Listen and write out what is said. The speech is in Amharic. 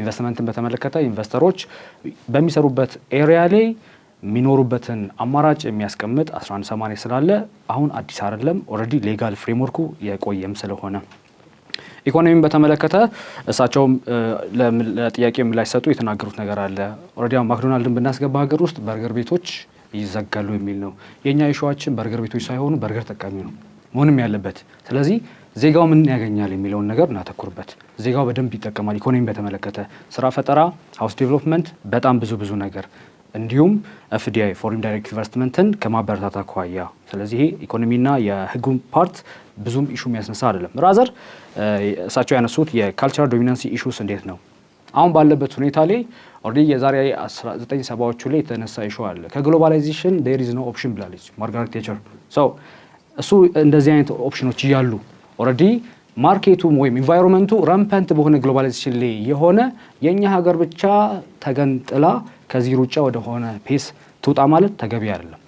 ኢንቨስትመንትን በተመለከተ ኢንቨስተሮች በሚሰሩበት ኤሪያ ላይ የሚኖሩበትን አማራጭ የሚያስቀምጥ 1180 ስላለ አሁን አዲስ አይደለም። ኦልሬዲ ሌጋል ፍሬምወርኩ የቆየም ስለሆነ ኢኮኖሚን በተመለከተ እሳቸውም ለጥያቄ ምላሽ የተናገሩት ነገር አለ። ኦልሬዲ ማክዶናልድን ብናስገባ ሀገር ውስጥ በርገር ቤቶች ይዘጋሉ የሚል ነው። የእኛ ይሸዋችን በርገር ቤቶች ሳይሆኑ በርገር ጠቃሚ ነው መሆንም ያለበት ስለዚህ ዜጋው ምን ያገኛል የሚለውን ነገር እናተኩርበት። ዜጋው በደንብ ይጠቀማል። ኢኮኖሚ በተመለከተ ስራ ፈጠራ፣ ሀውስ ዴቨሎፕመንት፣ በጣም ብዙ ብዙ ነገር እንዲሁም ኤፍዲአይ ፎሪን ዳይሬክት ኢንቨስትመንትን ከማበረታታ አኳያ። ስለዚህ ይሄ ኢኮኖሚና የህጉን ፓርት ብዙም ኢሹ የሚያስነሳ አይደለም። ራዘር እሳቸው ያነሱት የካልቸራል ዶሚናንሲ ኢሹስ እንዴት ነው አሁን ባለበት ሁኔታ ላይ ኦልሬዲ የዛሬ 19 ሰባዎቹ ላይ የተነሳ ኢሹ አለ። ከግሎባላይዜሽን ዴር ኢዝ ኖ ኦፕሽን ብላለች ማርጋሬት ቴቸር። እሱ እንደዚህ አይነት ኦፕሽኖች እያሉ ኦልሬዲ ማርኬቱም ወይም ኢንቫይሮንመንቱ ረምፐንት በሆነ ግሎባላይዜሽን ላይ የሆነ የእኛ ሀገር ብቻ ተገንጥላ ከዚህ ሩጫ ወደሆነ ፔስ ትውጣ ማለት ተገቢ አይደለም።